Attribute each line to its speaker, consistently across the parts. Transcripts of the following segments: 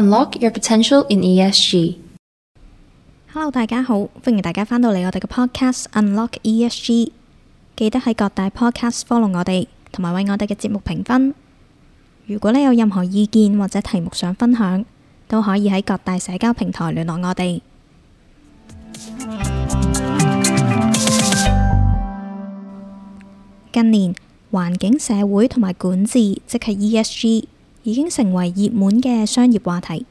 Speaker 1: Unlock your potential in ESG。Hello，大家好，歡迎大家返到嚟我哋嘅 podcast Unlock ESG。記得喺各大 podcast follow 我哋，同埋為我哋嘅節目評分。如果你有任何意見或者題目想分享，都可以喺各大社交平台聯絡我哋。近年，環境、社會同埋管治，即係 ESG。已經成為熱門嘅商業話題。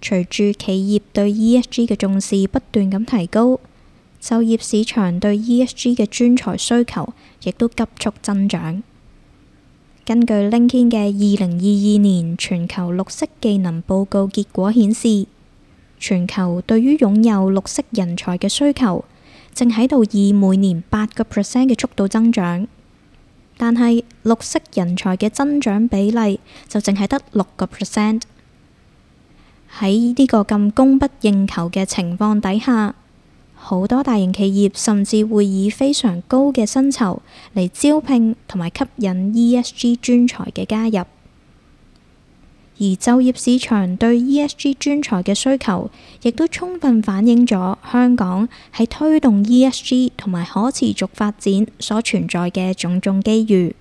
Speaker 1: 隨住企業對 ESG 嘅重視不斷咁提高，就業市場對 ESG 嘅專才需求亦都急速增長。根據 LinkedIn 嘅二零二二年全球綠色技能報告結果顯示，全球對於擁有綠色人才嘅需求，正喺度以每年八個 percent 嘅速度增長。但係，綠色人才嘅增長比例就淨係得六個 percent。喺呢個咁供不應求嘅情況底下，好多大型企業甚至會以非常高嘅薪酬嚟招聘同埋吸引 ESG 專才嘅加入。而就業市場對 ESG 專才嘅需求，亦都充分反映咗香港喺推動 ESG 同埋可持續發展所存在嘅種種機遇。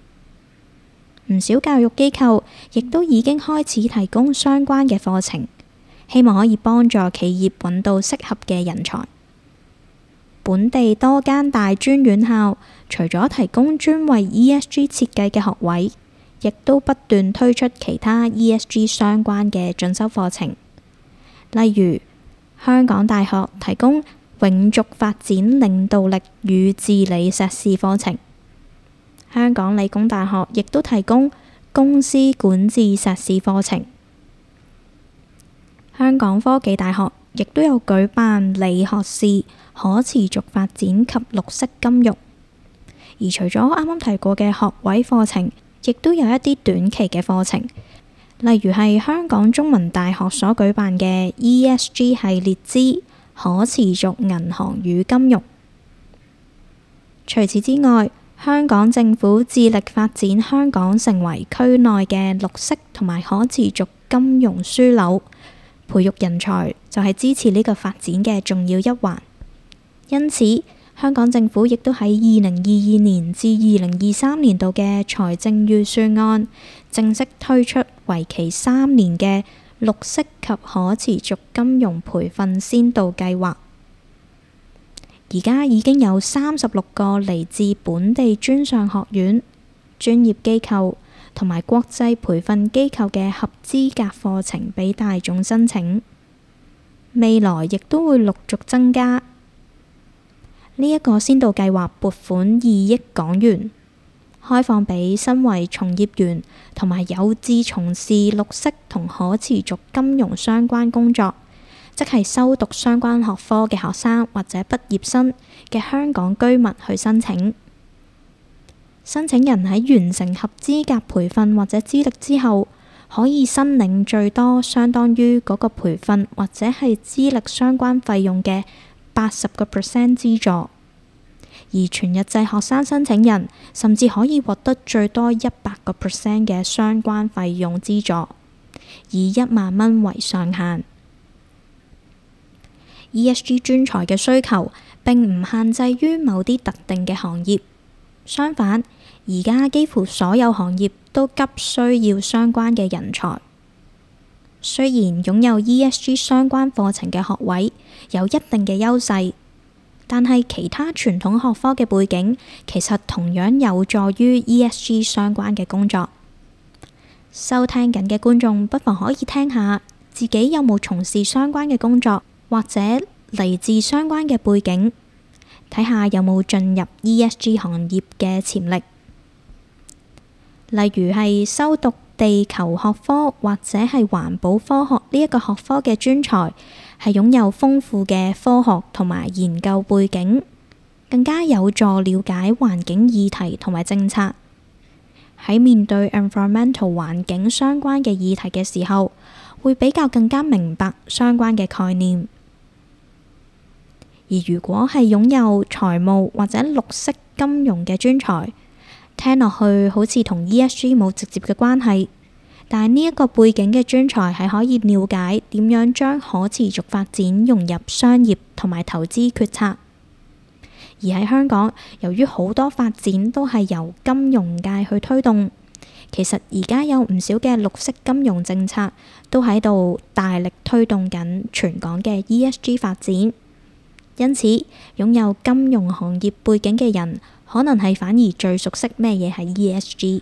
Speaker 1: 唔少教育機構亦都已經開始提供相關嘅課程，希望可以幫助企業揾到適合嘅人才。本地多間大專院校除咗提供專為 ESG 設計嘅學位，亦都不斷推出其他 ESG 相關嘅進修課程，例如香港大學提供永續發展領導力與治理碩士課程，香港理工大學亦都提供公司管治碩士課程，香港科技大學亦都有舉辦理學士可持續發展及綠色金融。而除咗啱啱提過嘅學位課程，亦都有一啲短期嘅課程，例如係香港中文大學所舉辦嘅 ESG 系列之可持續銀行與金融。除此之外，香港政府致力發展香港成為區內嘅綠色同埋可持續金融樞紐，培育人才就係支持呢個發展嘅重要一環。因此，香港政府亦都喺二零二二年至二零二三年度嘅財政預算案正式推出，為期三年嘅綠色及可持續金融培訓先導計劃。而家已經有三十六個嚟自本地專上學院、專業機構同埋國際培訓機構嘅合資格課程俾大眾申請，未來亦都會陸續增加。呢一個先導計劃撥款二億港元，開放俾身為從業員同埋有志從事綠色同可持續金融相關工作，即係修讀相關學科嘅學生或者畢業生嘅香港居民去申請。申請人喺完成合資格培訓或者資歷之後，可以申領最多相當於嗰個培訓或者係資歷相關費用嘅八十個 percent 資助，而全日制學生申請人甚至可以獲得最多一百個 percent 嘅相關費用資助，以一萬蚊為上限。ESG 專才嘅需求並唔限制於某啲特定嘅行業，相反，而家幾乎所有行業都急需要相關嘅人才。雖然擁有 ESG 相關課程嘅學位有一定嘅優勢，但係其他傳統學科嘅背景其實同樣有助於 ESG 相關嘅工作。收聽緊嘅觀眾不妨可以聽下，自己有冇從事相關嘅工作或者嚟自相關嘅背景，睇下有冇進入 ESG 行業嘅潛力。例如係修讀地球學科或者係環保科學呢一個學科嘅專才，係擁有豐富嘅科學同埋研究背景，更加有助了解環境議題同埋政策。喺面對 environmental 環境相關嘅議題嘅時候，會比較更加明白相關嘅概念。而如果係擁有財務或者綠色金融嘅專才，聽落去好似同 ESG 冇直接嘅關係，但係呢一個背景嘅專才係可以了解點樣將可持續發展融入商業同埋投資決策。而喺香港，由於好多發展都係由金融界去推動，其實而家有唔少嘅綠色金融政策都喺度大力推動緊全港嘅 ESG 發展。因此，擁有金融行業背景嘅人，可能係反而最熟悉咩嘢係 ESG，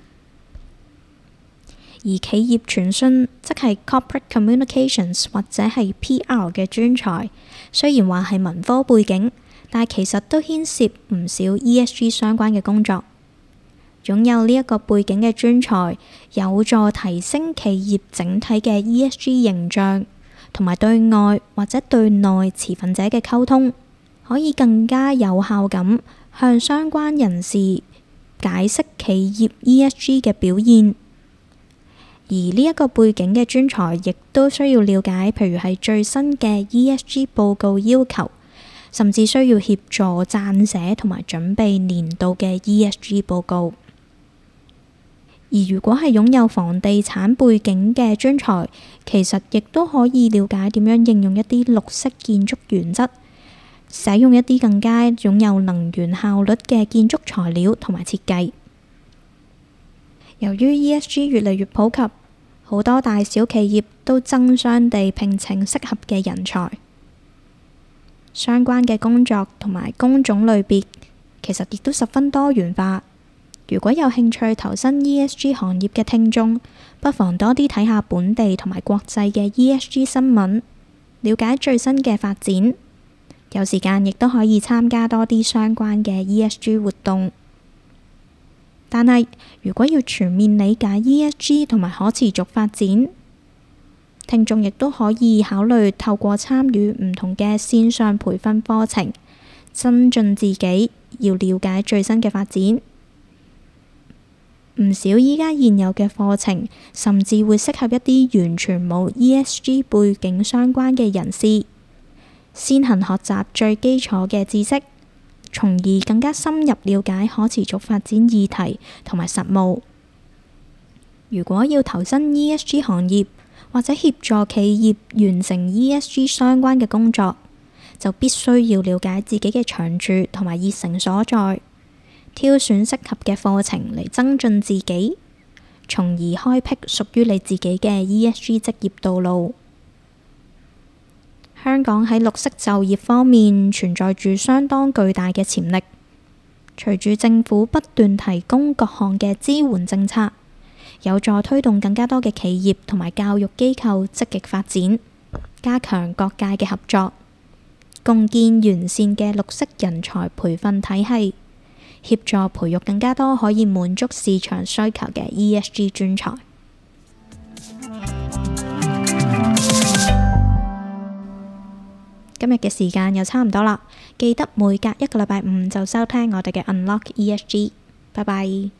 Speaker 1: 而企業傳訊即係 Corporate Communications 或者係 PR 嘅專才。雖然話係文科背景，但其實都牽涉唔少 ESG 相關嘅工作。擁有呢一個背景嘅專才，有助提升企業整體嘅 ESG 形象，同埋對外或者對內持份者嘅溝通，可以更加有效咁，向相關人士解釋企業 ESG 嘅表現，而呢一個背景嘅專才亦都需要了解，譬如係最新嘅 ESG 報告要求，甚至需要協助撰寫同埋準備年度嘅 ESG 報告。而如果係擁有房地產背景嘅專才，其實亦都可以了解點樣應用一啲綠色建築原則。使用一啲更加擁有能源效率嘅建築材料同埋設計。由於 ESG 越嚟越普及，好多大小企業都爭相地聘請適合嘅人才。相關嘅工作同埋工種類別其實亦都十分多元化。如果有興趣投身 ESG 行業嘅聽眾，不妨多啲睇下本地同埋國際嘅 ESG 新聞，了解最新嘅發展。有時間，亦都可以參加多啲相關嘅 ESG 活動。但係，如果要全面理解 ESG 同埋可持續發展，聽眾亦都可以考慮透過參與唔同嘅線上培訓課程，增進自己，要了解最新嘅發展。唔少依家現有嘅課程，甚至會適合一啲完全冇 ESG 背景相關嘅人士。先行學習最基礎嘅知識，從而更加深入了解可持續發展議題同埋實務。如果要投身 ESG 行業，或者協助企業完成 ESG 相關嘅工作，就必須要了解自己嘅長處同埋熱誠所在，挑選適合嘅課程嚟增進自己，從而開闢屬於你自己嘅 ESG 職業道路。香港喺綠色就業方面存在住相當巨大嘅潛力，隨住政府不斷提供各項嘅支援政策，有助推動更加多嘅企業同埋教育機構積極發展，加強各界嘅合作，共建完善嘅綠色人才培訓體系，協助培育更加多可以滿足市場需求嘅 ESG 專才。今日嘅時間又差唔多喇，記得每隔一個禮拜五就收聽我哋嘅 Unlock ESG。拜拜。